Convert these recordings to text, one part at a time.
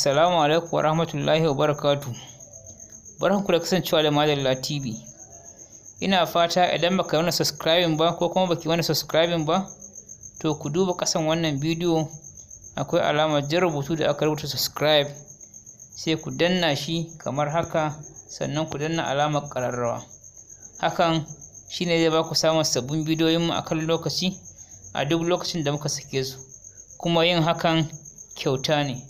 Assalamu alaikum wa rahmatullahi wa barakatu. Barkanku da kasancewa da Madalla TV. Ina fata idan baka wani subscribing ba ko kuma baki wani subscribing ba, to ku duba kasan wannan bidiyo akwai alama jan rubutu da aka rubuta subscribe sai ku danna shi kamar haka sannan ku danna alamar ƙararrawa. Hakan ne zai baku samun sabbin bidiyoyinmu a kan lokaci a duk lokacin da muka sake su. Kuma yin hakan kyauta ne.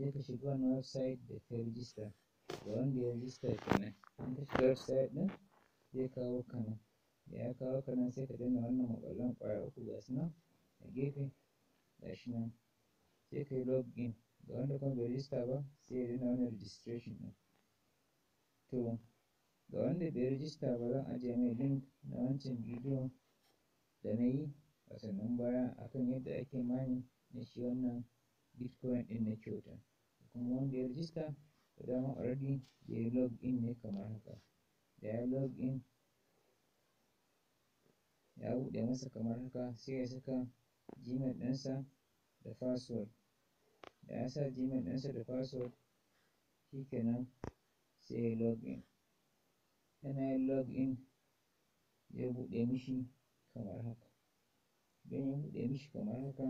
sai ka shiga wani website da ka rijista da wanda ya rijista kenan in ka shiga website ɗin zai kawo ka nan da ya kawo ka nan sai ka danna wannan maƙwallon ƙwaya uku ga su nan a gefe ga shi nan sai ka yi login ga wanda kuma bai rijista ba sai ya danna wannan registration ɗin to ga wanda bai rijista ba zan ajiye mai link na wancan bidiyon da na yi a sannan baya akan yadda ake mani na shi wannan bitcoin din na kyauta kuma wanda ya rijista to dama already da ya log in ne kamar haka da ya log in ya buɗe masa kamar haka sai ya saka gmail ɗinsa da password da ya sa gmail ɗinsa da password shikenan sai ya log in yana yin log in ya buɗe mishi kamar haka don ya buɗe mishi kamar haka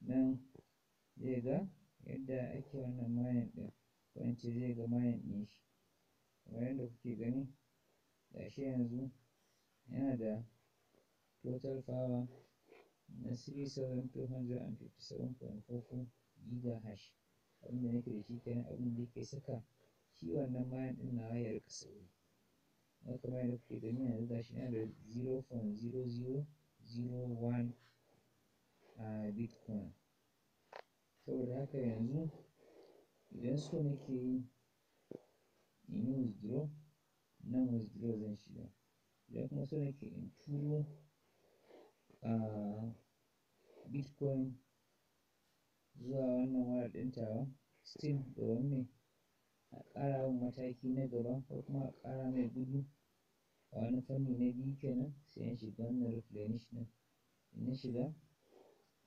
nan zai ga yadda ake wannan mayan ɗin ko in ce zai ga mayan ɗin shi kamar yadda kuke gani shi yanzu yana da total power na 3257.44 gigahash abinda nake da shi kenan abinda yake saka shi wannan mayan ɗin na wayar ka sauri na kamar yadda kuke gani yanzu shi yana da 0.0001 a ah, bitcoin saboda haka yanzu idan so nake yi in yi withdraw nan withdraw zan shiga idan kuma so nake in turo bitcoin zuwa wannan wayar ɗin tawa still domin me a ƙara mataki na gaba ko kuma a ƙara mai gudu a wani fanni na biyu kenan sai in shiga wannan replenish ɗin in na shiga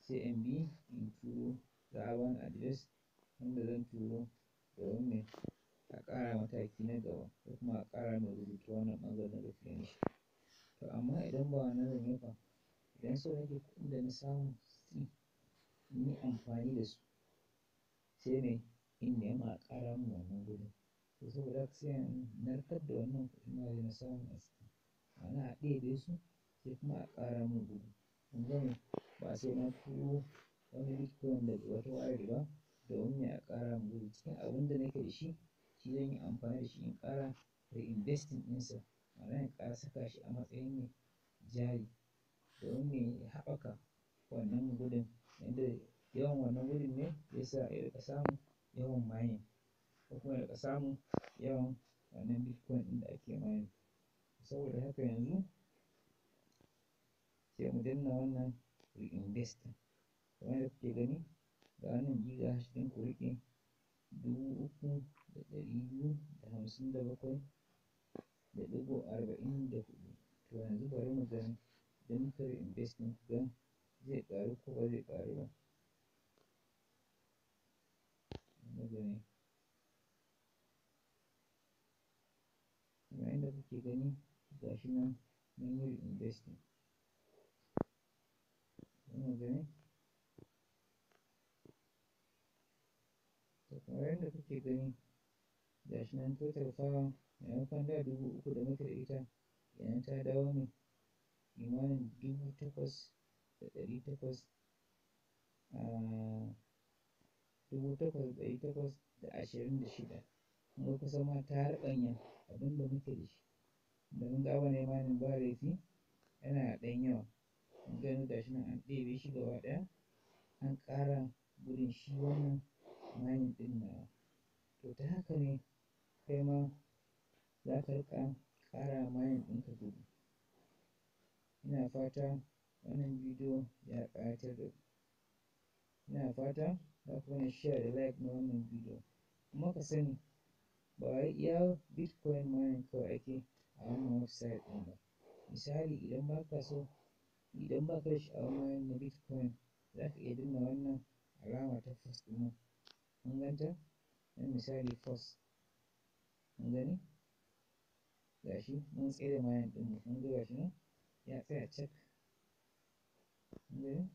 sai in bi in turo sabon adires wanda zan turo domin a ƙara mataki na gaba ko kuma a ƙara mai rubutu wannan ɓangaren referenshi. To amma idan ba wannan zan yi ba, idan sau nake kuɗin da na samu in yi amfani da su sai ne in nema a ƙara min wannan kuɗin. To saboda haka sai in narkar da wannan kuɗin ma da na samu a ciki, ma'ana a ɗebe su sai kuma a ƙara min kuɗi. in gane? Ba sai na turo. wani bitcoin daga wata wayar ba domin ya ƙara min cikin abin da nake da shi shi zan yi amfani da shi in ƙara investing ɗinsa ma'ana in ƙara saka shi a matsayin mai jari domin ya haɓaka wannan gudun yadda yawan wannan gudun ne ya sa ya rika samun yawan mining ko kuma ya rika samun yawan wannan bitcoin ɗin da ake mining saboda haka yanzu sai mu danna wannan re investing. kamar yadda kuke gani ga wannan giga hash ɗin ku riƙe dubu uku da ɗari biyu da hamsin da bakwai da ɗigo arba'in da hudu to yanzu bari mu ga idan muka yi invest ɗin zai ƙaru ko ba zai ƙaru ba kamar yadda kuke gani ga shi nan mun yi investing. Wannan gani kamar yadda kuke gani gashi nan total power maimakon da dubu uku da muka da ita kenan ta dawo ne kimanin dubu takwas da ɗari takwas dubu takwas da ɗari takwas da ashirin da shida kuma kusan ma ta harɓanya abin da muke da shi domin gaba ne manin ba laifi yana ɗan yawa mun gani gashi nan an ɗebe shi gaba ɗaya an ƙara gudun shi wannan Qur'ani din nawa. To ta haka ne kai ma za ka riƙa ƙara mayin ɗinka gobe Ina fata wannan bidiyo ya ƙayatar da ku. Ina fata za ku mana share da like na wannan bidiyo. Kuma ka sani ba wai iya Bitcoin mining kawai ake a wannan website ɗin ba. Misali idan ba ka so idan ba ka da sha'awar mining na Bitcoin za ka iya danna wannan alama ta plus ɗin nan. an ganta na misali first an gani gashi mun tsere mayan ɗin mu kun ga gashi nan ya tsaya cak an gani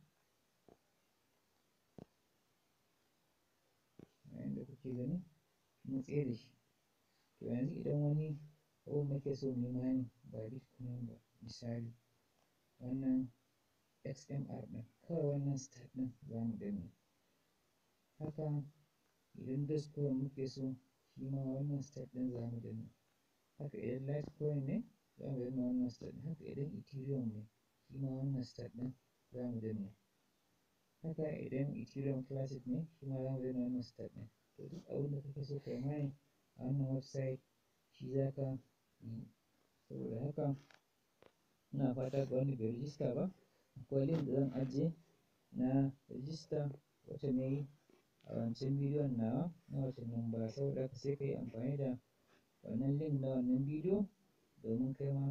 yayin da kuke gani mun tsere shi to yanzu idan wani ko muke so mu yi mining ba bitcoin ba misali wannan xmr ɗin kawai wannan stat ɗin za mu danne haka idan dash square muke so shi ma wannan step ɗin za mu danna haka idan litecoin ne za mu danna wannan step ɗin haka idan ethereum ne shi ma wannan step ɗin za mu danna haka idan ethereum classic ne shi ma za mu danna wannan step ɗin to duk abin da kake so kai mai a wannan website shi za ka yi saboda haka ina fata ga wanda bai register ba akwai link da zan ajiye na rijista wata mai rancen bidiyon nawa na watannin baya saboda haka sai ka yi amfani da wannan link na wannan bidiyo domin kai ma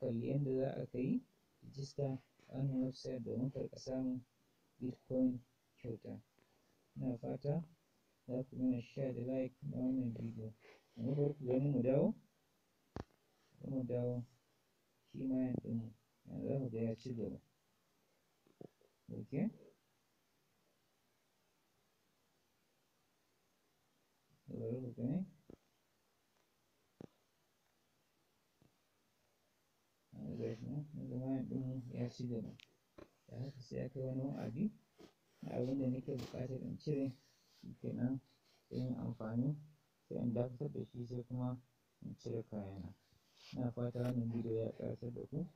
kalli yadda za a kai yi rijista a wannan website domin karka samun bitcoin kyauta ina fata za ku mana share da like na wannan bidiyo amma bari ku gani mu dawo mu dawo shi ma yanzu yanzu mu ga ya ci gaba okay okay. zama ɗin ya ci nan da haka sai ya kai wani wa'adi na abin da nake buƙatar in cire kenan sai in amfani sai in dakatar da shi sai kuma in cire kayana na fata wannan bidiyo ya ƙarasar da ku